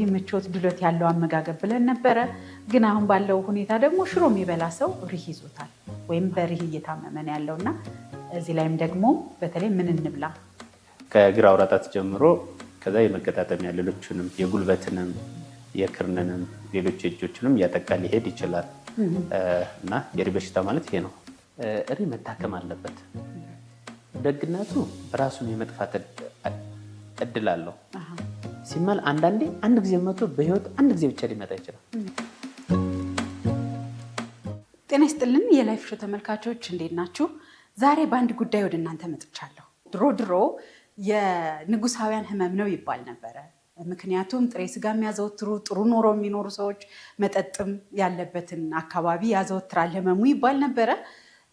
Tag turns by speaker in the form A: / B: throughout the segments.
A: እንግዲህ ምቾት፣ ድሎት ያለው አመጋገብ ብለን ነበረ። ግን አሁን ባለው ሁኔታ ደግሞ ሽሮ የሚበላ ሰው ሪህ ይዞታል ወይም በሪህ እየታመመን ያለውና እዚህ ላይም ደግሞ በተለይ ምን እንብላ
B: ከግራ አውራጣት ጀምሮ ከዛ የመገጣጠሚያ ሌሎችንም የጉልበትንም የክርንንም ሌሎች የእጆችንም እያጠቃ ሊሄድ ይችላል እና የሪ በሽታ ማለት ይሄ ነው። እሪ መታከም አለበት። ደግነቱ ራሱን የመጥፋት እድል አለው። ሲመል አንዳንዴ አንድ ጊዜ መቶ በህይወት አንድ ጊዜ ብቻ ሊመጣ ይችላል።
A: ጤና ይስጥልን የላይፍ ሾው ተመልካቾች እንዴት ናችሁ? ዛሬ በአንድ ጉዳይ ወደ እናንተ መጥቻለሁ። ድሮ ድሮ የንጉሳውያን ህመም ነው ይባል ነበረ። ምክንያቱም ጥሬ ስጋ የሚያዘወትሩ ጥሩ ኑሮ የሚኖሩ ሰዎች መጠጥም ያለበትን አካባቢ ያዘወትራል ህመሙ ይባል ነበረ።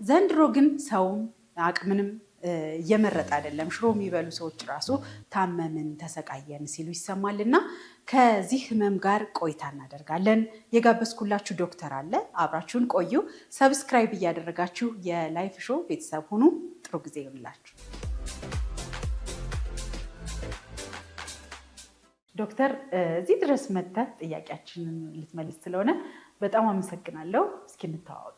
A: ዘንድሮ ግን ሰውም አቅምንም እየመረጠ አይደለም። ሽሮ የሚበሉ ሰዎች ራሱ ታመምን፣ ተሰቃየን ሲሉ ይሰማል እና ከዚህ ህመም ጋር ቆይታ እናደርጋለን። የጋበዝኩላችሁ ዶክተር አለ። አብራችሁን ቆዩ። ሰብስክራይብ እያደረጋችሁ የላይፍ ሾው ቤተሰብ ሁኑ። ጥሩ ጊዜ ይሁንላችሁ። ዶክተር እዚህ ድረስ መጥተህ ጥያቄያችንን ልትመልስ ስለሆነ በጣም አመሰግናለሁ። እስኪ እንተዋወቅ።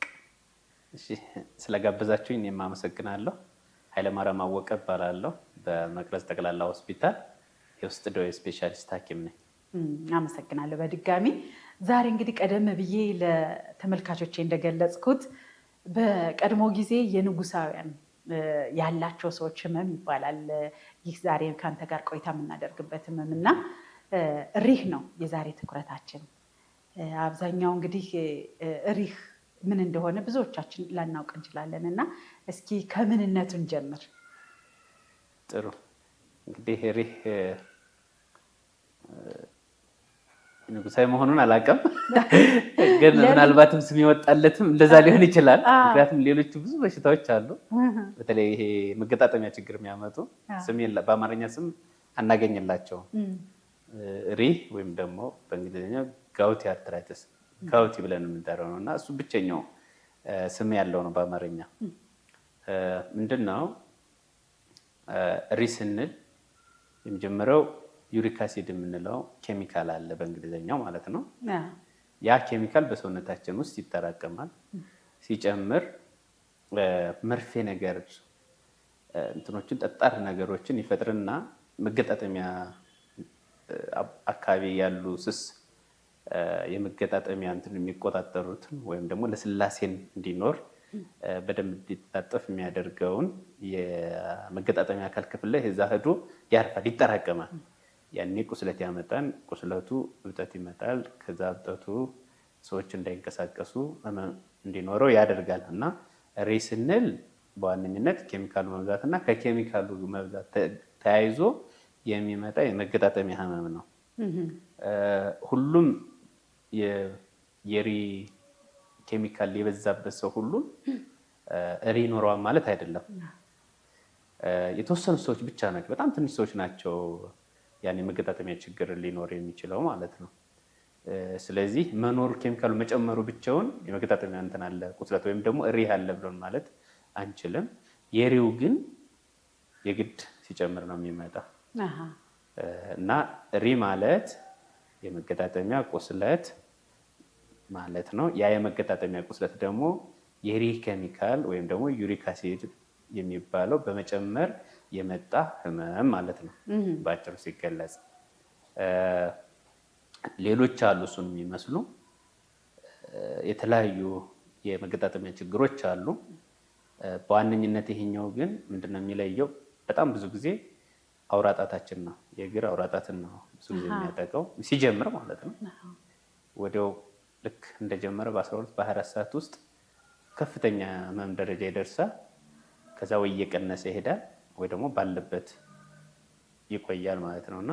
B: ስለጋበዛችሁኝ እኔም አመሰግናለሁ። ኃይለማርያም አወቀ እባላለሁ። በመቅረዝ ጠቅላላ ሆስፒታል የውስጥ ደዌ ስፔሻሊስት ሐኪም ነኝ።
A: አመሰግናለሁ በድጋሚ ዛሬ እንግዲህ ቀደም ብዬ ለተመልካቾቼ እንደገለጽኩት በቀድሞ ጊዜ የንጉሳውያን ያላቸው ሰዎች ህመም ይባላል። ይህ ዛሬ ከአንተ ጋር ቆይታ የምናደርግበት ህመም እና እሪህ ነው የዛሬ ትኩረታችን። አብዛኛው እንግዲህ ሪህ ምን እንደሆነ ብዙዎቻችን ላናውቅ እንችላለን እና እስኪ ከምንነቱን ጀምር።
B: ጥሩ እንግዲህ ሪህ ንጉሳዊ መሆኑን አላውቅም፣ ግን ምናልባትም ስም የወጣለትም እንደዛ ሊሆን ይችላል። ምክንያቱም ሌሎቹ ብዙ በሽታዎች አሉ፣ በተለይ ይሄ መገጣጠሚያ ችግር የሚያመጡ በአማርኛ ስም አናገኝላቸውም። ሪህ ወይም ደግሞ በእንግሊዝኛ ጋውቲ አርትራይትስ ካውቲ ብለን የምንጠራው ነው እና እሱ ብቸኛው ስም ያለው ነው በአማርኛ። ምንድን ነው እሪ ስንል የሚጀምረው ዩሪካሲድ የምንለው ኬሚካል አለ በእንግሊዝኛው ማለት ነው። ያ ኬሚካል በሰውነታችን ውስጥ ይጠራቀማል። ሲጨምር መርፌ ነገር እንትኖችን ጠጣር ነገሮችን ይፈጥርና መገጣጠሚያ አካባቢ ያሉ ስስ የመገጣጠሚያ እንትን የሚቆጣጠሩትን ወይም ደግሞ ለስላሴን እንዲኖር በደንብ እንዲጣጠፍ የሚያደርገውን የመገጣጠሚያ አካል ክፍል ላይ እዛ ህዶ ያርፋል፣ ይጠራቀማል። ያኔ ቁስለት ያመጣን። ቁስለቱ እብጠት ይመጣል። ከዛ እብጠቱ ሰዎች እንዳይንቀሳቀሱ እንዲኖረው ያደርጋል እና ሬ ስንል በዋነኝነት ኬሚካሉ መብዛት እና ከኬሚካሉ መብዛት ተያይዞ የሚመጣ የመገጣጠሚያ ህመም ነው። ሁሉም የሪ ኬሚካል የበዛበት ሰው ሁሉም እሪ ኖረዋል ማለት አይደለም። የተወሰኑ ሰዎች ብቻ ናቸው፣ በጣም ትንሽ ሰዎች ናቸው ያን የመገጣጠሚያ ችግር ሊኖር የሚችለው ማለት ነው። ስለዚህ መኖር ኬሚካሉ መጨመሩ ብቻውን የመገጣጠሚያ እንትን አለ ቁስለት ወይም ደግሞ ሪ አለ ብሎን ማለት አንችልም። የሪው ግን የግድ ሲጨምር ነው የሚመጣ እና ሪ ማለት የመገጣጠሚያ ቁስለት ማለት ነው። ያ የመገጣጠሚያ ቁስለት ደግሞ የሪህ ኬሚካል ወይም ደግሞ ዩሪክ አሲድ የሚባለው በመጨመር የመጣ ህመም ማለት ነው በአጭሩ ሲገለጽ። ሌሎች አሉ እሱን የሚመስሉ የተለያዩ የመገጣጠሚያ ችግሮች አሉ። በዋነኝነት ይሄኛው ግን ምንድነው የሚለየው? በጣም ብዙ ጊዜ አውራጣታችን ነው የእግር አውራጣትን ነው ብዙ ጊዜ የሚያጠቀው ሲጀምር ማለት ነው ወዲያው ልክ እንደጀመረ በ12 በ24 ሰዓት ውስጥ ከፍተኛ ህመም ደረጃ ይደርሳል። ከዛ ወይ እየቀነሰ ይሄዳል ወይ ደግሞ ባለበት ይቆያል ማለት ነው እና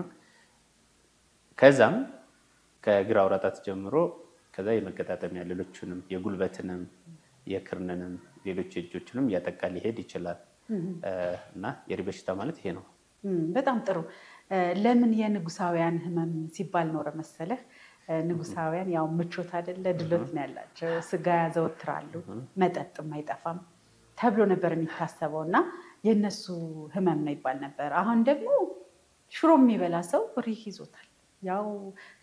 B: ከዛም ከግራ አውራጣት ጀምሮ ከዛ የመገጣጠሚያ ሌሎችንም የጉልበትንም የክርንንም ሌሎች እጆችንም እያጠቃ ሊሄድ ይችላል እና የሪህ በሽታ ማለት ይሄ ነው።
A: በጣም ጥሩ። ለምን የንጉሳውያን ህመም ሲባል ኖረ መሰለህ? ንጉሳውያን ያው ምቾት አይደለ ድሎት ነው ያላቸው፣ ስጋ ያዘወትራሉ፣ መጠጥም አይጠፋም ተብሎ ነበር የሚታሰበው እና የእነሱ ህመም ነው ይባል ነበር። አሁን ደግሞ ሽሮ የሚበላ ሰው ሪህ ይዞታል። ያው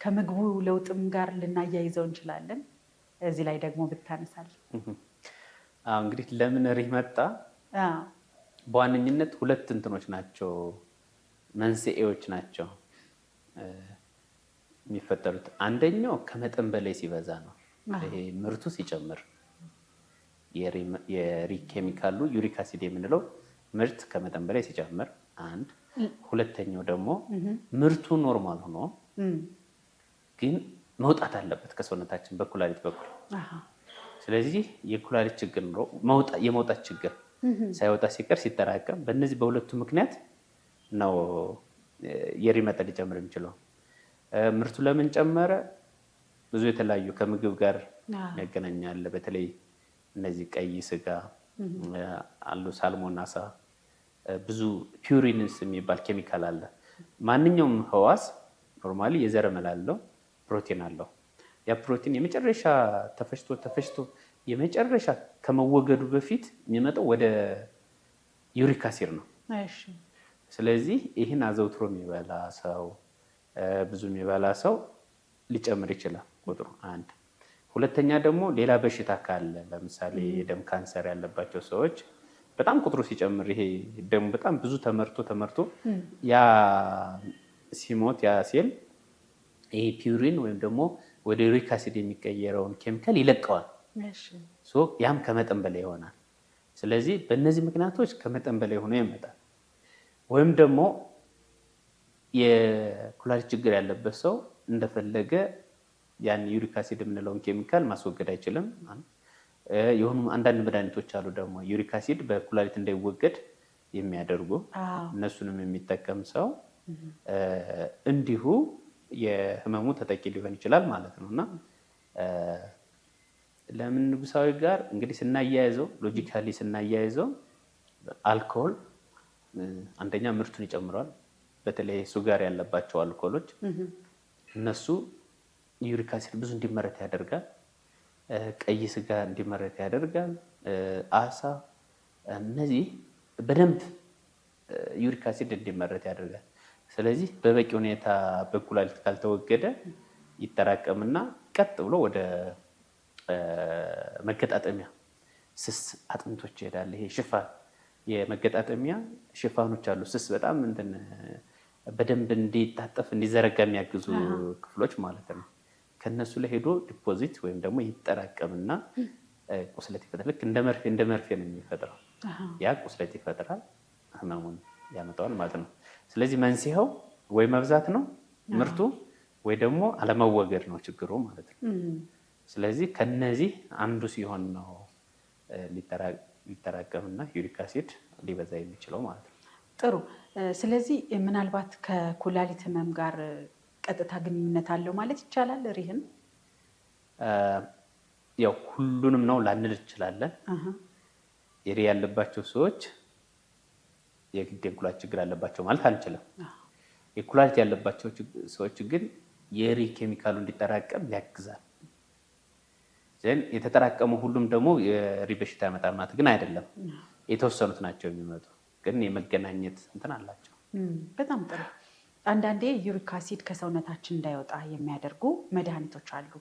A: ከምግቡ ለውጥም ጋር ልናያይዘው እንችላለን። እዚህ ላይ ደግሞ ብታነሳል
B: እንግዲህ ለምን ሪህ መጣ? በዋነኝነት ሁለት እንትኖች ናቸው መንስኤዎች ናቸው የሚፈጠሩት። አንደኛው ከመጠን በላይ ሲበዛ ነው። ይሄ ምርቱ ሲጨምር ኬሚካሉ ዩሪክ አሲድ የምንለው ምርት ከመጠን በላይ ሲጨምር አንድ። ሁለተኛው ደግሞ ምርቱ ኖርማል ሆኖ ግን መውጣት አለበት ከሰውነታችን በኩላሊት በኩል። ስለዚህ የኩላሊት ችግር ኖሮ የመውጣት ችግር ሳይወጣ ሲቀር ሲጠራቀም በእነዚህ በሁለቱ ምክንያት ነው የሪ መጠን ሊጨምር የሚችለው። ምርቱ ለምን ጨመረ? ብዙ የተለያዩ ከምግብ ጋር ያገናኛል። በተለይ እነዚህ ቀይ ስጋ አሉ፣ ሳልሞን አሳ፣ ብዙ ፒውሪንስ የሚባል ኬሚካል አለ። ማንኛውም ህዋስ ኖርማሊ የዘረመል አለው፣ ፕሮቲን አለው። ያ ፕሮቲን የመጨረሻ ተፈጭቶ ተፈጭቶ የመጨረሻ ከመወገዱ በፊት የሚመጣው ወደ ዩሪክ አሲድ ነው። ስለዚህ ይህን አዘውትሮ የሚበላ ሰው ብዙ የሚበላ ሰው ሊጨምር ይችላል ቁጥሩ አንድ። ሁለተኛ ደግሞ ሌላ በሽታ ካለ ለምሳሌ የደም ካንሰር ያለባቸው ሰዎች በጣም ቁጥሩ ሲጨምር ይሄ ደግሞ በጣም ብዙ ተመርቶ ተመርቶ ያ ሲሞት ያ ሴል ይሄ ፒውሪን ወይም ደግሞ ወደ ዩሪክ አሲድ የሚቀየረውን ኬሚካል ይለቀዋል። ያም ከመጠን በላይ ይሆናል። ስለዚህ በእነዚህ ምክንያቶች ከመጠን በላይ ሆኖ ይመጣል። ወይም ደግሞ የኩላሊት ችግር ያለበት ሰው እንደፈለገ ያን ዩሪክ አሲድ የምንለውን ኬሚካል ማስወገድ አይችልም። የሆኑ አንዳንድ መድኃኒቶች አሉ ደግሞ ዩሪክ አሲድ በኩላሊት እንዳይወገድ የሚያደርጉ እነሱንም የሚጠቀም ሰው እንዲሁ የህመሙ ተጠቂ ሊሆን ይችላል ማለት ነው እና ለምን ንጉሳዊ ጋር እንግዲህ ስናያይዘው ሎጂካሊ ስናያይዘው አልኮል አንደኛ ምርቱን ይጨምረዋል። በተለይ ሱጋር ያለባቸው አልኮሎች እነሱ ዩሪክ አሲድ ብዙ እንዲመረት ያደርጋል። ቀይ ስጋ እንዲመረት ያደርጋል። አሳ፣ እነዚህ በደንብ ዩሪክ አሲድ እንዲመረት ያደርጋል። ስለዚህ በበቂ ሁኔታ በኩላሊት ካልተወገደ ይጠራቀምና ቀጥ ብሎ ወደ መገጣጠሚያ ስስ አጥንቶች ይሄዳል። ይሄ ሽፋን የመገጣጠሚያ ሽፋኖች አሉ። ስስ በጣም እንትን በደንብ እንዲታጠፍ እንዲዘረጋ የሚያግዙ ክፍሎች ማለት ነው። ከነሱ ላይ ሄዶ ዲፖዚት ወይም ደግሞ ይጠራቀምና ቁስለት ይፈጥራል። ልክ እንደ መርፌ እንደ መርፌ ነው የሚፈጥረው። ያ ቁስለት ይፈጥራል፣ ህመሙን ያመጣዋል ማለት ነው። ስለዚህ መንስኤው ወይ መብዛት ነው ምርቱ ወይ ደግሞ አለመወገድ ነው ችግሩ ማለት ነው። ስለዚህ ከነዚህ አንዱ ሲሆን ነው ሊጠራቀምና ዩሪክ አሲድ ሊበዛ የሚችለው ማለት ነው።
A: ጥሩ። ስለዚህ ምናልባት ከኩላሊት ህመም ጋር ቀጥታ ግንኙነት አለው ማለት ይቻላል። ሪህም
B: ያው ሁሉንም ነው ላንል እንችላለን። የሪህ ያለባቸው ሰዎች የግድ የኩላሊት ችግር አለባቸው ማለት አንችልም። የኩላሊት ያለባቸው ሰዎች ግን የሪህ ኬሚካሉ እንዲጠራቀም ያግዛል። የተጠራቀሙ ሁሉም ደግሞ የሪ በሽታ ያመጣል ማለት ግን አይደለም። የተወሰኑት ናቸው የሚመጡ ግን የመገናኘት እንትን አላቸው።
A: በጣም ጥሩ። አንዳንዴ ዩሪክ አሲድ ከሰውነታችን እንዳይወጣ የሚያደርጉ መድኃኒቶች አሉ።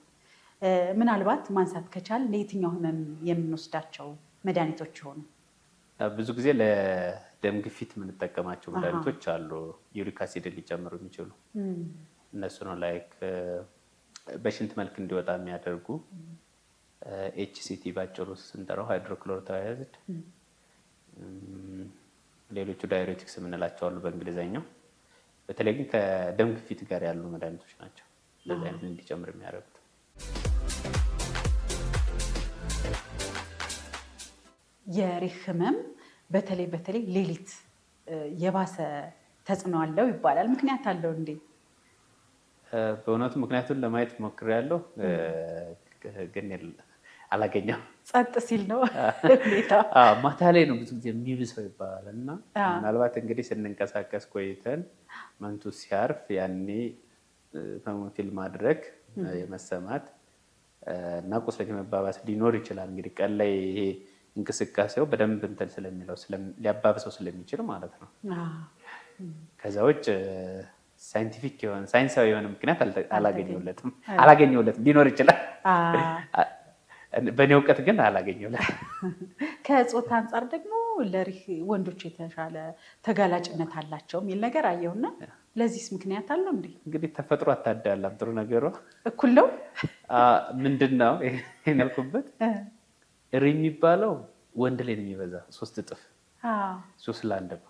A: ምናልባት ማንሳት ከቻል ለየትኛው ህመም የምንወስዳቸው መድኃኒቶች ይሆኑ?
B: ብዙ ጊዜ ለደም ግፊት የምንጠቀማቸው መድኃኒቶች አሉ፣ ዩሪክ አሲድ ሊጨምሩ የሚችሉ እነሱ ነው። ላይክ በሽንት መልክ እንዲወጣ የሚያደርጉ ኤችሲቲ ባጭሩ ስንጠራው ሃይድሮክሎሮታያዝድ ሌሎቹ ዳይሬቲክስ የምንላቸው አሉ በእንግሊዝኛው። በተለይ ግን ከደም ግፊት ጋር ያሉ መድኃኒቶች ናቸው እንደዚህ አይነት እንዲጨምር የሚያደርጉት።
A: የሪህ ህመም በተለይ በተለይ ሌሊት የባሰ ተጽዕኖ አለው ይባላል። ምክንያት አለው እንዴ?
B: በእውነቱ ምክንያቱን ለማየት ያለው ግን አላገኘም።
A: ጸጥ ሲል ነው
B: ማታ ላይ ነው ብዙ ጊዜ የሚብሰው ይባላል። እና ምናልባት እንግዲህ ስንንቀሳቀስ ቆይተን መንቱ ሲያርፍ ያኔ ፈሞቲል ማድረግ የመሰማት እና ቁስለት የመባባስ ሊኖር ይችላል። እንግዲህ ቀን ላይ ይሄ እንቅስቃሴው በደንብ እንትን ስለሚለው ሊያባብሰው ስለሚችል ማለት ነው። ከዛ ውጭ ሳይንቲፊክ የሆነ ሳይንሳዊ የሆነ ምክንያት አላገኘሁለትም አላገኘሁለትም ሊኖር ይችላል በእኔ እውቀት ግን አላገኘም።
A: ከፆታ አንጻር ደግሞ ለሪህ ወንዶች የተሻለ ተጋላጭነት አላቸው የሚል ነገር አየውና ለዚህስ ምክንያት አለው እንዴ?
B: እንግዲህ ተፈጥሮ አታዳላም። ጥሩ ነገሩ እኩል ነው። ምንድን ነው የነልኩበት ያልኩበት ሪ የሚባለው ወንድ ላይ ነው የሚበዛ ሶስት እጥፍ ሶስት ለአንድ ነው።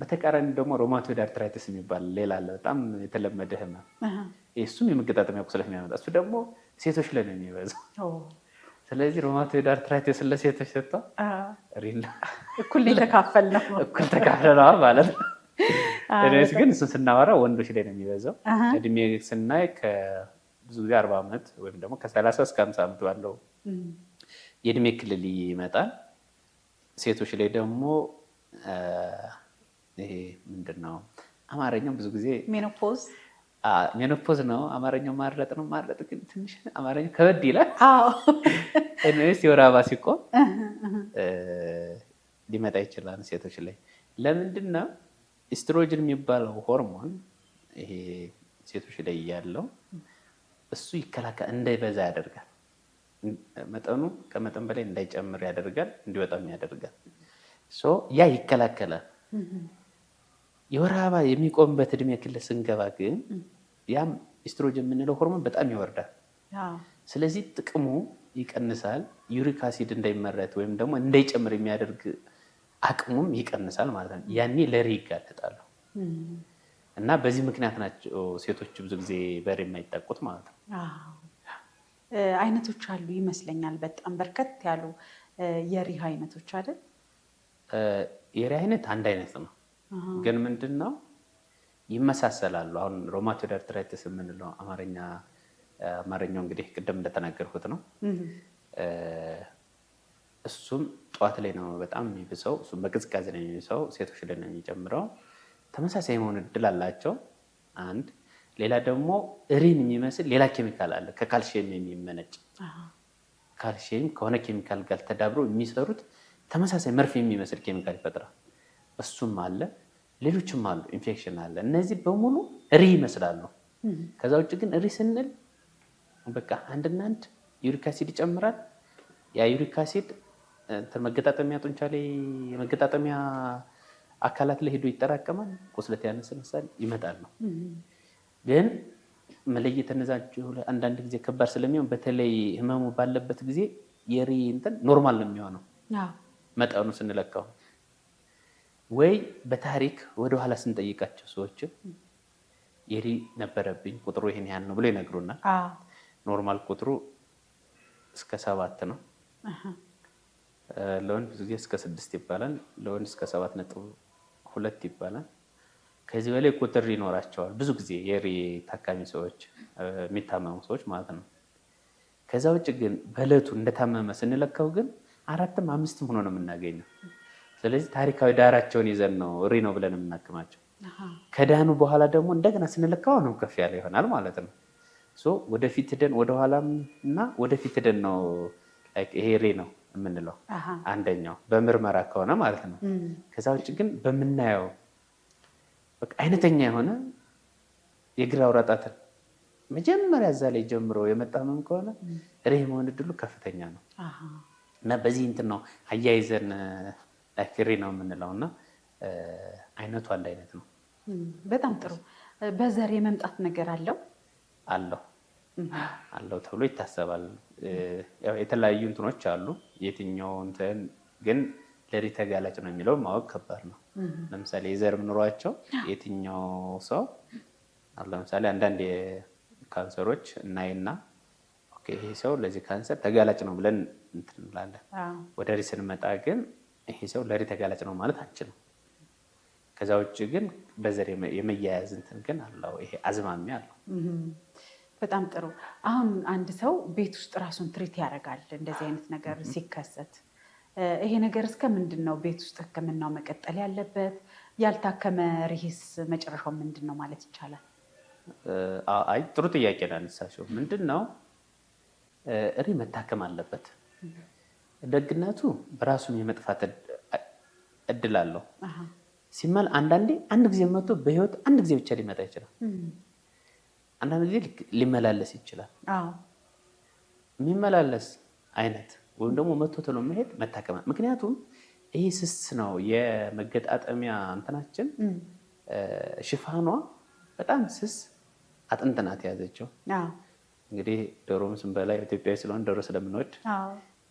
B: በተቃራኒ ደግሞ ሮማቶይድ አርትራይትስ የሚባል ሌላ አለ። በጣም የተለመደ ህመም፣ እሱም የመገጣጠሚያ ቁስለት የሚያመጣ እሱ ደግሞ ሴቶች ላይ ነው የሚበዛው። ስለዚህ ሮማቶይድ አርትራይቲስን ለሴቶች ሰጥቷል። ሪል
A: እኩል ተካፈል ነው
B: እኩል ተካፈል ነው ማለት ነው። ግን እሱን ስናወራ ወንዶች ላይ ነው የሚበዛው። እድሜ ስናይ ከብዙ ጊዜ አርባ ዓመት ወይም ደግሞ ከሰላሳ እስከ ሃምሳ ዓመት ባለው የእድሜ ክልል ይመጣል። ሴቶች ላይ ደግሞ ይሄ ምንድን ነው አማርኛው ብዙ ጊዜ ሜኖፖዝ ሜኖፖዝ ነው አማርኛው ማረጥ ነው። ማረጥ ግን ትንሽ አማርኛ ከበድ ይላል። ንስ የወር አበባ ሲቆም ሊመጣ ይችላል ሴቶች ላይ። ለምንድን ነው ኢስትሮጅን የሚባለው ሆርሞን ይሄ ሴቶች ላይ ያለው እሱ ይከላከል እንዳይበዛ ያደርጋል። መጠኑ ከመጠን በላይ እንዳይጨምር ያደርጋል፣ እንዲወጣም ያደርጋል። ያ ይከላከላል። የወር አበባ የሚቆምበት እድሜ ክልል ስንገባ ግን ያም ኢስትሮጅን የምንለው ሆርሞን በጣም ይወርዳል። ስለዚህ ጥቅሙ ይቀንሳል። ዩሪክ አሲድ እንዳይመረት ወይም ደግሞ እንዳይጨምር የሚያደርግ አቅሙም ይቀንሳል ማለት ነው። ያኔ ለሬ ይጋለጣሉ እና በዚህ ምክንያት ናቸው ሴቶች ብዙ ጊዜ በሬ የማይጠቁት ማለት ነው።
A: አይነቶች አሉ ይመስለኛል። በጣም በርከት ያሉ የሪህ አይነቶች አይደል?
B: የሪህ አይነት አንድ አይነት ነው ግን ምንድን ነው ይመሳሰላሉ። አሁን ሮማቶይድ አርትራይትስ የምንለው አማርኛ አማርኛው እንግዲህ ቅድም እንደተናገርኩት ነው። እሱም ጠዋት ላይ ነው በጣም የሚብሰው፣ እሱም በቅዝቃዜ ነው የሚብሰው፣ ሴቶች ላይ ነው የሚጨምረው። ተመሳሳይ መሆን እድል አላቸው። አንድ ሌላ ደግሞ እሪን የሚመስል ሌላ ኬሚካል አለ ከካልሽየም የሚመነጭ ካልሽየም ከሆነ ኬሚካል ጋር ተዳብሮ የሚሰሩት ተመሳሳይ መርፌ የሚመስል ኬሚካል ይፈጥራል። እሱም አለ። ሌሎችም አሉ፣ ኢንፌክሽን አለ። እነዚህ በሙሉ ሪ ይመስላሉ። ከዛ ውጭ ግን ሪ ስንል በቃ አንድና አንድ ዩሪክ ይጨምራል። ያ ዩሪካሲድ መገጣጠሚያ ጡንቻ ላይ የመገጣጠሚያ አካላት ላይ ሄዶ ይጠራቀማል። ቁስለት ያነሰነሳል፣ ይመጣል ነው። ግን መለየት እነዛቸው አንዳንድ ጊዜ ከባድ ስለሚሆን በተለይ ህመሙ ባለበት ጊዜ የሪ እንትን ኖርማል ነው የሚሆነው መጠኑ ስንለካው ወይ በታሪክ ወደኋላ ስንጠይቃቸው ሰዎችን የሪ ነበረብኝ ቁጥሩ ይሄን ያህል ነው ብሎ ይነግሩናል። ኖርማል ቁጥሩ እስከ ሰባት ነው። ለወንድ ብዙ ጊዜ እስከ ስድስት ይባላል። ለወንድ እስከ ሰባት ነጥብ ሁለት ይባላል። ከዚህ በላይ ቁጥር ይኖራቸዋል። ብዙ ጊዜ የሪ ታካሚ ሰዎች የሚታመሙ ሰዎች ማለት ነው። ከዛ ውጭ ግን በእለቱ እንደታመመ ስንለካው ግን አራትም አምስትም ሆኖ ነው የምናገኘው። ስለዚህ ታሪካዊ ዳራቸውን ይዘን ነው እሪ ነው ብለን የምናክማቸው። ከዳኑ በኋላ ደግሞ እንደገና ስንልካው ነው ከፍ ያለ ይሆናል ማለት ነው። ወደፊት ደን ወደኋላም እና ወደፊት ደን ነው ይሄ እሪ ነው የምንለው አንደኛው በምርመራ ከሆነ ማለት ነው። ከዛ ውጭ ግን በምናየው አይነተኛ የሆነ የግራ አውራ ጣትን መጀመሪያ እዛ ላይ ጀምሮ የመጣመም ከሆነ ሬ መሆን እድሉ ከፍተኛ ነው እና በዚህ እንትን ነው አያይዘን ዳክቴሪ ነው የምንለው እና አይነቱ አንድ አይነት ነው።
A: በጣም ጥሩ። በዘር የመምጣት ነገር አለው
B: አለው አለው ተብሎ ይታሰባል። የተለያዩ እንትኖች አሉ። የትኛው እንትን ግን ለሪህ ተጋላጭ ነው የሚለው ማወቅ ከባድ ነው። ለምሳሌ የዘር ምኖሯቸው የትኛው ሰው ለምሳሌ አንዳንድ ካንሰሮች እናይና ይሄ ሰው ለዚህ ካንሰር ተጋላጭ ነው ብለን እንትንላለን። እንላለን። ወደ ሪህ ስንመጣ ግን ይሄ ሰው ለሪ ተጋላጭ ነው ማለት አንችልም። ከዛ ውጭ ግን በዘር የመያያዝ እንትን ግን አለው፣ ይሄ አዝማሚያ አለው።
A: በጣም ጥሩ። አሁን አንድ ሰው ቤት ውስጥ ራሱን ትሪት ያደርጋል እንደዚህ አይነት ነገር ሲከሰት፣ ይሄ ነገር እስከ ምንድን ነው ቤት ውስጥ ህክምናው መቀጠል ያለበት? ያልታከመ ሪሂስ መጨረሻው ምንድን ነው ማለት ይቻላል?
B: አይ ጥሩ ጥያቄ ነው ያነሳሽው። ምንድን ነው ሪ መታከም አለበት ደግነቱ በራሱን የመጥፋት እድል አለው ሲመል አንዳንዴ አንድ ጊዜ መጥቶ በህይወት አንድ ጊዜ ብቻ ሊመጣ ይችላል። አንዳንድ ጊዜ ሊመላለስ ይችላል። የሚመላለስ አይነት ወይም ደግሞ መቶ ተሎ መሄድ መታከም፣ ምክንያቱም ይሄ ስስ ነው። የመገጣጠሚያ እንትናችን ሽፋኗ በጣም ስስ አጥንትናት ናት የያዘችው። እንግዲህ ዶሮም ስንበላ ኢትዮጵያዊ ስለሆን ዶሮ ስለምንወድ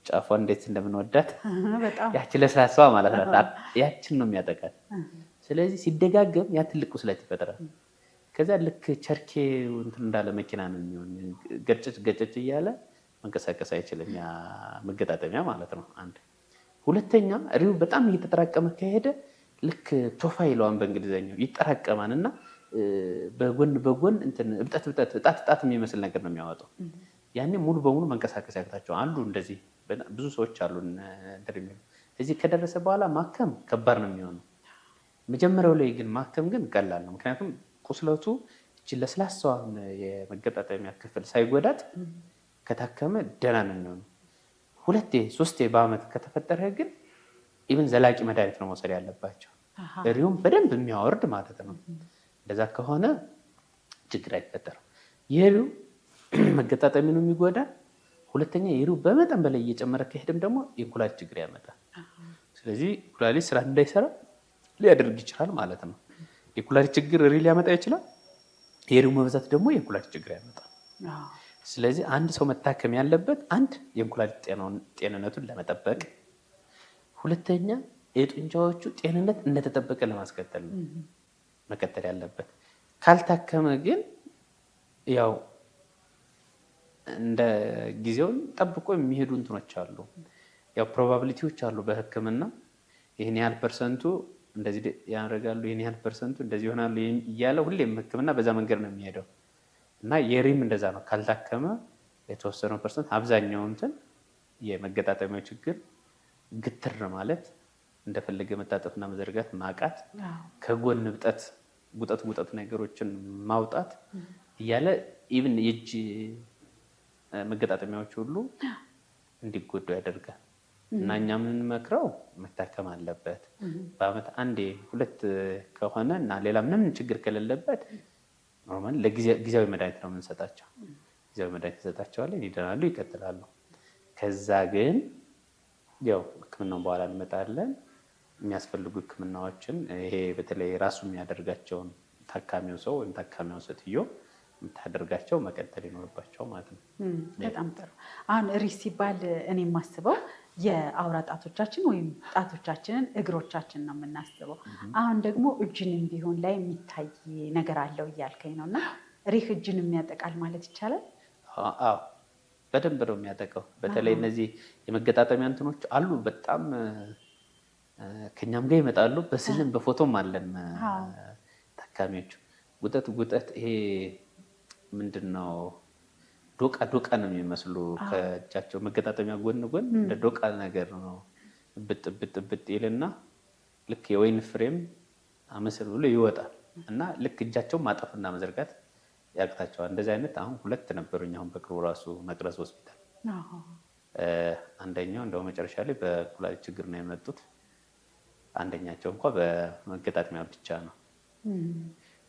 B: ጫፏ እንዴት እንደምንወዳት ያችን ለስላሳዋ ማለት ናት። ያችን ነው የሚያጠቃት። ስለዚህ ሲደጋገም ያ ትልቅ ቁስለት ይፈጥራል። ከዚያ ልክ ቸርኬ እንትን እንዳለ መኪና ነው የሚሆን። ገጭጭ ገጭጭ እያለ መንቀሳቀስ አይችልም። ያ መገጣጠሚያ ማለት ነው። አንድ ሁለተኛ፣ ሪው በጣም እየተጠራቀመ ከሄደ ልክ ፕሮፋይሏን በእንግሊዝኛው ይጠራቀማል እና በጎን በጎን እብጠት እብጠት እጣት እጣት የሚመስል ነገር ነው የሚያወጣው። ያኔ ሙሉ በሙሉ መንቀሳቀስ ያቅታቸው አሉ እንደዚህ ብዙ ሰዎች አሉ እዚህ ከደረሰ በኋላ ማከም ከባድ ነው የሚሆነው። መጀመሪያው ላይ ግን ማከም ግን ቀላል ነው። ምክንያቱም ቁስለቱ እቺ ለስላሳዋን የመገጣጠሚያ ክፍል ሳይጎዳት ከታከመ ደና ነው የሚሆነው። ሁለቴ ሶስቴ በአመት ከተፈጠረ ግን ኢብን ዘላቂ መድኃኒት ነው መውሰድ ያለባቸው፣ ሪሁም በደንብ የሚያወርድ ማለት ነው። እንደዛ ከሆነ ችግር አይፈጠርም። ይህ መገጣጠሚ ነው የሚጎዳ ሁለተኛ የሪው በመጠን በላይ እየጨመረ ከሄደም ደግሞ የኩላሊት ችግር ያመጣል። ስለዚህ ኩላሊት ስራ እንዳይሰራ ሊያደርግ ይችላል ማለት ነው። የኩላሊት ችግር ሪ ሊያመጣ ይችላል። የሪው መብዛት ደግሞ የኩላሊት ችግር ያመጣል። ስለዚህ አንድ ሰው መታከም ያለበት አንድ የኩላሊት ጤንነቱን ለመጠበቅ፣ ሁለተኛ የጡንቻዎቹ ጤንነት እንደተጠበቀ ለማስከተል ነው መቀጠል ያለበት። ካልታከመ ግን ያው እንደ ጊዜውን ጠብቆ የሚሄዱ እንትኖች አሉ። ያው ፕሮባብሊቲዎች አሉ በህክምና ይህን ያህል ፐርሰንቱ እንደዚህ ያደርጋሉ፣ ይህን ያህል ፐርሰንቱ እንደዚህ ይሆናሉ እያለ ሁሌም ህክምና በዛ መንገድ ነው የሚሄደው እና የሪም እንደዛ ነው። ካልታከመ የተወሰነው ፐርሰንት አብዛኛው እንትን የመገጣጠሚያው ችግር ግትር ማለት እንደፈለገ መታጠፍና መዘርጋት ማቃት፣ ከጎን እብጠት ጉጠት ጉጠት ነገሮችን ማውጣት እያለ ኢቭን የእጅ መገጣጠሚያዎች ሁሉ እንዲጎዱ ያደርጋል። እና እኛ የምንመክረው መታከም አለበት በአመት አንዴ ሁለት ከሆነ እና ሌላ ምንም ችግር ከሌለበት ኖርማል ለጊዜያዊ መድኃኒት ነው የምንሰጣቸው። ጊዜያዊ መድኃኒት እንሰጣቸዋለን፣ ይደናሉ፣ ይቀጥላሉ። ከዛ ግን ያው ህክምናውን በኋላ እንመጣለን። የሚያስፈልጉ ህክምናዎችን ይሄ በተለይ ራሱ የሚያደርጋቸውን ታካሚው ሰው ወይም ታካሚው ሴትዮ የምታደርጋቸው መቀጠል ይኖርባቸው ማለት ነው።
A: በጣም ጥሩ። አሁን ሪስ ሲባል እኔ የማስበው የአውራ ጣቶቻችን ወይም ጣቶቻችንን እግሮቻችን ነው የምናስበው። አሁን ደግሞ እጅንም ቢሆን ላይ የሚታይ ነገር አለው እያልከኝ ነው እና ሪህ እጅንም ያጠቃል ማለት ይቻላል?
B: አዎ በደንብ ነው የሚያጠቃው። በተለይ እነዚህ የመገጣጠሚያ እንትኖች አሉ በጣም ከኛም ጋር ይመጣሉ። በስልም በፎቶም አለን ታካሚዎቹ ጉጠት ጉጠት ይሄ ምንድነው ዶቃ ዶቃ ነው የሚመስሉ ከእጃቸው መገጣጠሚያ ጎን ጎን እንደ ዶቃ ነገር ነው ብጥ ብጥ ብጥ ይልና ልክ የወይን ፍሬም አመስል ብሎ ይወጣል እና ልክ እጃቸው ማጠፍና መዘርጋት ያቅታቸዋል። እንደዚህ አይነት አሁን ሁለት ነበሩኝ። አሁን በቅርቡ ራሱ መቅረጽ ሆስፒታል አንደኛው እንደው መጨረሻ ላይ በኩላሊት ችግር ነው የመጡት። አንደኛቸው እንኳ በመገጣጠሚያ ብቻ ነው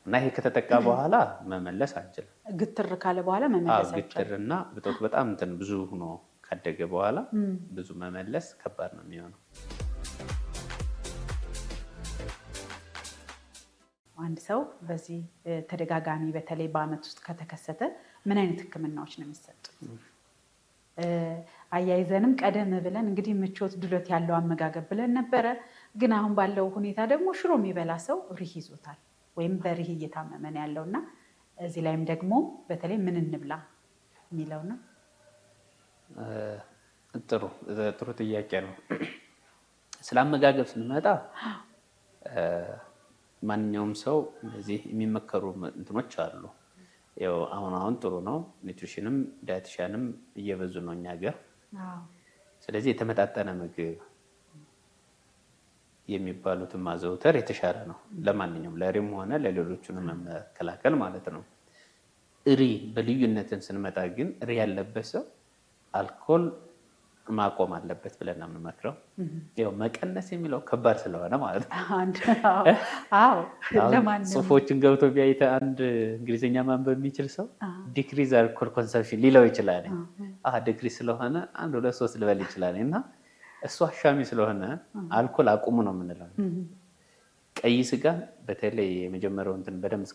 B: እና ይሄ ከተጠቃ በኋላ መመለስ አንችልም።
A: ግትር ካለ በኋላ መመለስ
B: ግትር እና ብጦት በጣም እንትን ብዙ ሆኖ ካደገ በኋላ ብዙ መመለስ ከባድ ነው የሚሆነው።
A: አንድ ሰው በዚህ ተደጋጋሚ በተለይ በአመት ውስጥ ከተከሰተ ምን አይነት ህክምናዎች ነው የሚሰጡት? አያይዘንም ቀደም ብለን እንግዲህ ምቾት፣ ድሎት ያለው አመጋገብ ብለን ነበረ። ግን አሁን ባለው ሁኔታ ደግሞ ሽሮ የሚበላ ሰው ሪህ ይዞታል። ወይም በሪህ እየታመመን ያለው እና እዚህ ላይም ደግሞ በተለይ ምን እንብላ የሚለው ነው።
B: ጥሩ ጥሩ ጥያቄ ነው። ስለ አመጋገብ ስንመጣ ማንኛውም ሰው እነዚህ የሚመከሩ እንትኖች አሉ። ያው አሁን አሁን ጥሩ ነው። ኒትሪሽንም ዳይቲሻንም እየበዙ ነው እኛ ሀገር። ስለዚህ የተመጣጠነ ምግብ የሚባሉትን ማዘውተር የተሻለ ነው። ለማንኛውም ለሪም ሆነ ለሌሎቹንም መከላከል ማለት ነው። እሪ በልዩነትን ስንመጣ ግን እሪ ያለበት ሰው አልኮል ማቆም አለበት ብለን ነው የምንመክረው። ያው መቀነስ የሚለው ከባድ ስለሆነ ማለት ነው። ጽሁፎችን ገብቶ ቢያይተ አንድ እንግሊዝኛ ማንበብ የሚችል ሰው ዲክሪዝ አልኮል ኮንሰምሽን ሊለው ይችላል። ዲክሪዝ ስለሆነ አንድ ሁለት ሶስት ልበል ይችላል እና እሱ አሻሚ ስለሆነ አልኮል አቁሙ ነው የምንለው። ቀይ ስጋ በተለይ የመጀመሪያው እንትን በደንብ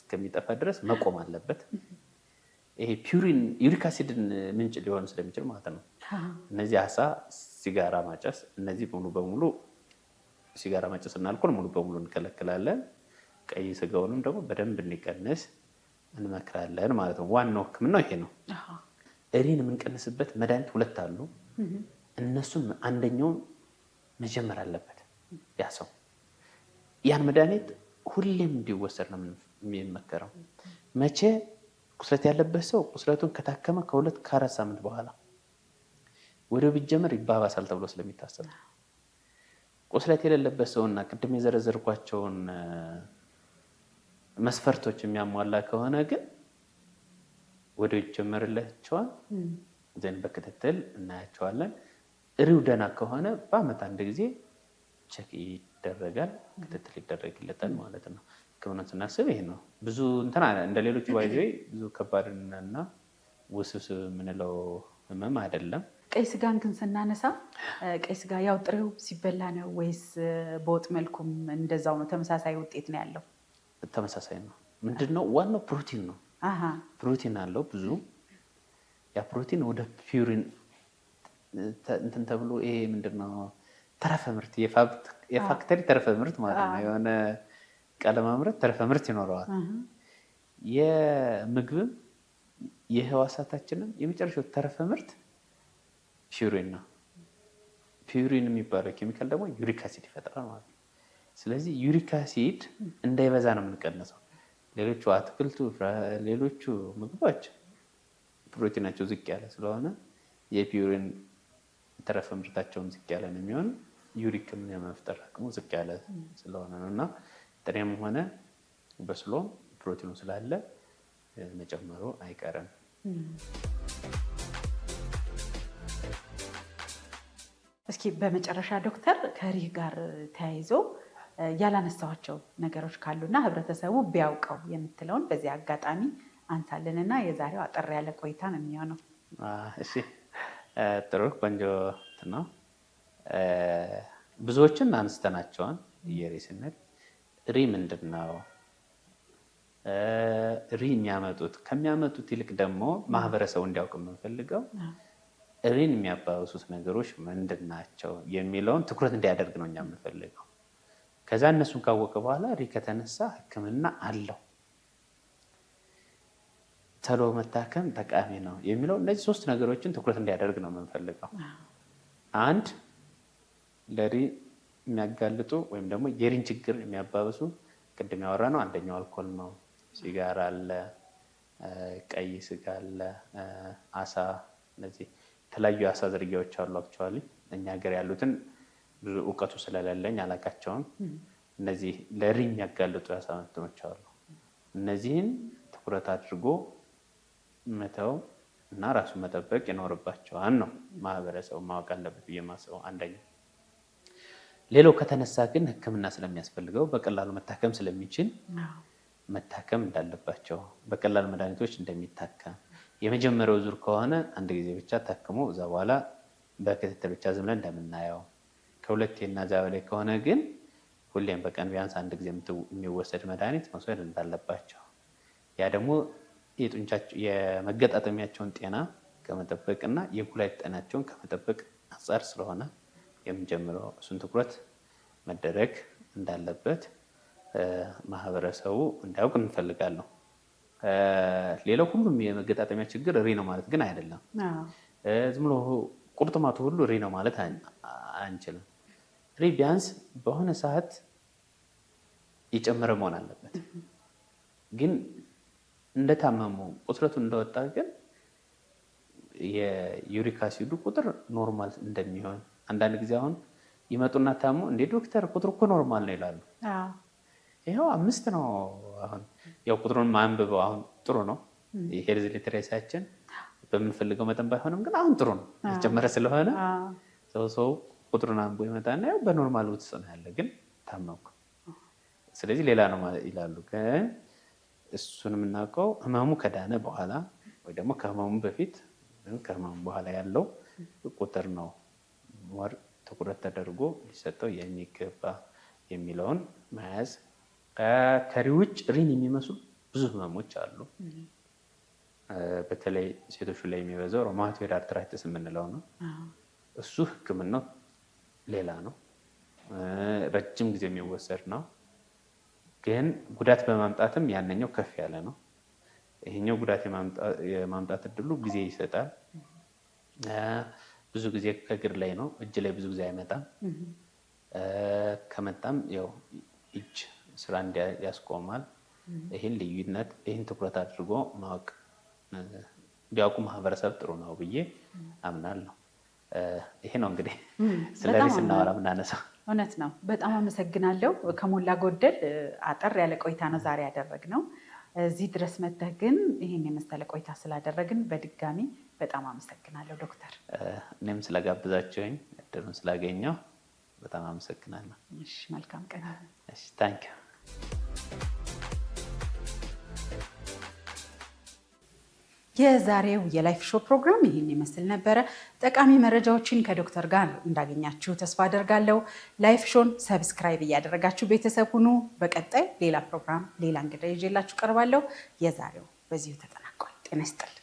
B: እስከሚጠፋ ድረስ መቆም አለበት። ይሄ ፒሪን ዩሪክ አሲድን ምንጭ ሊሆን ስለሚችል ማለት ነው። እነዚህ አሳ፣ ሲጋራ ማጨስ፣ እነዚህ ሙሉ በሙሉ ሲጋራ ማጨስ እና አልኮል ሙሉ በሙሉ እንከለክላለን። ቀይ ስጋውንም ደግሞ በደንብ እንዲቀንስ እንመክራለን ማለት ነው። ዋናው ሕክምናው ይሄ ነው። እሪን የምንቀንስበት መድኃኒት ሁለት አሉ። እነሱም አንደኛውም መጀመር አለበት። ያ ሰው ያን መድኃኒት ሁሌም እንዲወሰድ ነው የሚመከረው። መቼ? ቁስለት ያለበት ሰው ቁስለቱን ከታከመ ከሁለት ከአራት ሳምንት በኋላ ወደ ቢጀመር ይባባሳል ተብሎ ስለሚታሰብ፣ ቁስለት የሌለበት ሰውና ቅድም የዘረዘርኳቸውን መስፈርቶች የሚያሟላ ከሆነ ግን ወደ ይጀመርላቸዋል። ዘን በክትትል እናያቸዋለን። ጥሪው ደና ከሆነ በአመት አንድ ጊዜ ቸክ ይደረጋል፣ ክትትል ይደረግለታል ማለት ነው። ሕክምናን ስናስብ ይሄ ነው። ብዙ እንደ ሌሎቹ ባይዘ ብዙ ከባድና ውስብስብ የምንለው ህመም አይደለም።
A: ቀይ ስጋን ግን ስናነሳ ቀይ ስጋ ያው ጥሬው ሲበላ ነው ወይስ በወጥ መልኩም እንደዛው ነው? ተመሳሳይ ውጤት ነው ያለው?
B: ተመሳሳይ ነው። ምንድን ነው ዋናው ፕሮቲን ነው። ፕሮቲን አለው ብዙ ያ ፕሮቲን ወደ ፒሪን እንትን ተብሎ ይሄ ምንድን ነው ተረፈ ምርት የፋክተሪ ተረፈ ምርት ማለት ነው። የሆነ ቀለም ምርት ተረፈ ምርት ይኖረዋል። የምግብም የህዋሳታችንም የመጨረሻው ተረፈ ምርት ፒሪን ነው። ፒሪን የሚባለው ኬሚካል ደግሞ ዩሪክ አሲድ ይፈጥራል ማለት ነው። ስለዚህ ዩሪክ አሲድ እንዳይበዛ ነው የምንቀንሰው። ሌሎቹ አትክልቱ፣ ሌሎቹ ምግቦች ፕሮቲናቸው ዝቅ ያለ ስለሆነ የፒሪን ተረፈ ምርታቸውም ዝቅ ያለ ነው የሚሆን ዩሪክም የመፍጠር አቅሙ ዝቅ ያለ ስለሆነ ነው እና ጥሬም ሆነ በስሎም ፕሮቲኑ ስላለ መጨመሩ አይቀርም።
A: እስኪ በመጨረሻ ዶክተር ከሪህ ጋር ተያይዞ ያላነሳዋቸው ነገሮች ካሉና ህብረተሰቡ ቢያውቀው የምትለውን በዚህ አጋጣሚ አንሳልንና የዛሬው አጠር ያለ ቆይታ ነው የሚሆነው።
B: እሺ ጥሩ ቆንጆ ነው። ብዙዎችን አንስተናቸዋል። የሪ ስንል ሪ ምንድን ነው? ሪ የሚያመጡት ከሚያመጡት ይልቅ ደግሞ ማህበረሰቡ እንዲያውቅ የምንፈልገው ሪን የሚያባውሱት ነገሮች ምንድን ናቸው የሚለውን ትኩረት እንዲያደርግ ነው እኛ የምንፈልገው። ከዛ እነሱን ካወቀ በኋላ ሪ ከተነሳ ህክምና አለው ተሎ መታከም ጠቃሚ ነው የሚለው እነዚህ ሶስት ነገሮችን ትኩረት እንዲያደርግ ነው የምንፈልገው። አንድ ለሪ የሚያጋልጡ ወይም ደግሞ የሪን ችግር የሚያባብሱ ቅድም ያወራ ነው አንደኛው አልኮል ነው። ሲጋራ አለ፣ ቀይ ስጋ አለ፣ አሳ፣ እነዚህ የተለያዩ የአሳ ዝርያዎች አሉ። አክቹዋሊ እኛ ሀገር ያሉትን ብዙ እውቀቱ ስለሌለኝ አላቃቸውም። እነዚህ ለሪ የሚያጋልጡ የአሳ ምርቶች አሉ። እነዚህን ትኩረት አድርጎ መተው እና ራሱ መጠበቅ ይኖርባቸዋል ነው ማህበረሰቡ ማወቅ አለበት ብዬ ማስበው አንደኛ። ሌላው ከተነሳ ግን ህክምና ስለሚያስፈልገው በቀላሉ መታከም ስለሚችል መታከም እንዳለባቸው በቀላል መድኃኒቶች እንደሚታከም የመጀመሪያው ዙር ከሆነ አንድ ጊዜ ብቻ ታክሞ እዛ በኋላ በክትትል ብቻ ዝም ብለን እንደምናየው፣ ከሁለቴና እዛ በላይ ከሆነ ግን ሁሌም በቀን ቢያንስ አንድ ጊዜ የሚወሰድ መድኃኒት መውሰድ እንዳለባቸው ያ ደግሞ የመገጣጠሚያቸውን ጤና ከመጠበቅ እና የኩላሊት ጤናቸውን ከመጠበቅ አንጻር ስለሆነ የምንጀምረው እሱን ትኩረት መደረግ እንዳለበት ማህበረሰቡ እንዲያውቅ እንፈልጋለሁ። ሌላው ሁሉም የመገጣጠሚያ ችግር ሪ ነው ማለት ግን አይደለም። ዝም ብሎ ቁርጥማቱ ሁሉ ሪ ነው ማለት አንችልም። ሪ ቢያንስ በሆነ ሰዓት የጨመረ መሆን አለበት ግን እንደታመሙ ቁስለቱ እንደወጣ ግን የዩሪክ አሲዱ ቁጥር ኖርማል እንደሚሆን አንዳንድ ጊዜ አሁን ይመጡና ታሙ እንዴ ዶክተር ቁጥር እኮ ኖርማል ነው ይላሉ። ይኸው አምስት ነው። አሁን ያው ቁጥሩን ማንብበው አሁን ጥሩ ነው። ሄልዝ ሊትሬሳችን በምንፈልገው መጠን ባይሆንም ግን አሁን ጥሩ ነው፣ የጨመረ ስለሆነ ሰው ሰው ቁጥሩን አንቦ ይመጣና ያው በኖርማል ውስጥ ነው ያለ፣ ግን ታመምኩ ስለዚህ ሌላ ነው ይላሉ ግን እሱን የምናውቀው ህመሙ ከዳነ በኋላ ወይ ደግሞ ከህመሙ በፊት ከህመሙ በኋላ ያለው ቁጥር ነው ወር ትኩረት ተደርጎ ሊሰጠው የሚገባ የሚለውን መያዝ። ከሪውጭ ሪን የሚመስሉ ብዙ ህመሞች አሉ። በተለይ ሴቶቹ ላይ የሚበዛው ሮማቶይድ አርትራይትስ የምንለው ነው። እሱ ህክምናው ሌላ ነው፣ ረጅም ጊዜ የሚወሰድ ነው። ግን ጉዳት በማምጣትም ያነኛው ከፍ ያለ ነው። ይሄኛው ጉዳት የማምጣት እድሉ ጊዜ ይሰጣል። ብዙ ጊዜ ከእግር ላይ ነው፣ እጅ ላይ ብዙ ጊዜ አይመጣም። ከመጣም ያው እጅ ስራ ያስቆማል። ይህን ልዩነት ይህን ትኩረት አድርጎ ማወቅ ቢያውቁ ማህበረሰብ ጥሩ ነው ብዬ አምናለሁ። ይሄ ነው እንግዲህ ስለዚህ ስናወራ ምናነሳው
A: እውነት ነው። በጣም አመሰግናለሁ። ከሞላ ጎደል አጠር ያለ ቆይታ ነው ዛሬ ያደረግነው። እዚህ ድረስ መጥተህ ግን ይህን የመሰለ ቆይታ ስላደረግን በድጋሚ በጣም አመሰግናለሁ ዶክተር።
B: እኔም ስለጋብዛችሁኝ እድሉን ስላገኘው በጣም አመሰግናለሁ። መልካም ቀን ታንኪ
A: የዛሬው የላይፍ ሾው ፕሮግራም ይህን ይመስል ነበረ። ጠቃሚ መረጃዎችን ከዶክተር ጋር እንዳገኛችሁ ተስፋ አደርጋለሁ። ላይፍ ሾን ሰብስክራይብ እያደረጋችሁ ቤተሰብ ሁኑ። በቀጣይ ሌላ ፕሮግራም፣ ሌላ እንግዳ ይዤላችሁ ቀርባለሁ። የዛሬው በዚሁ ተጠናቋል። ጤና ይስጥልን።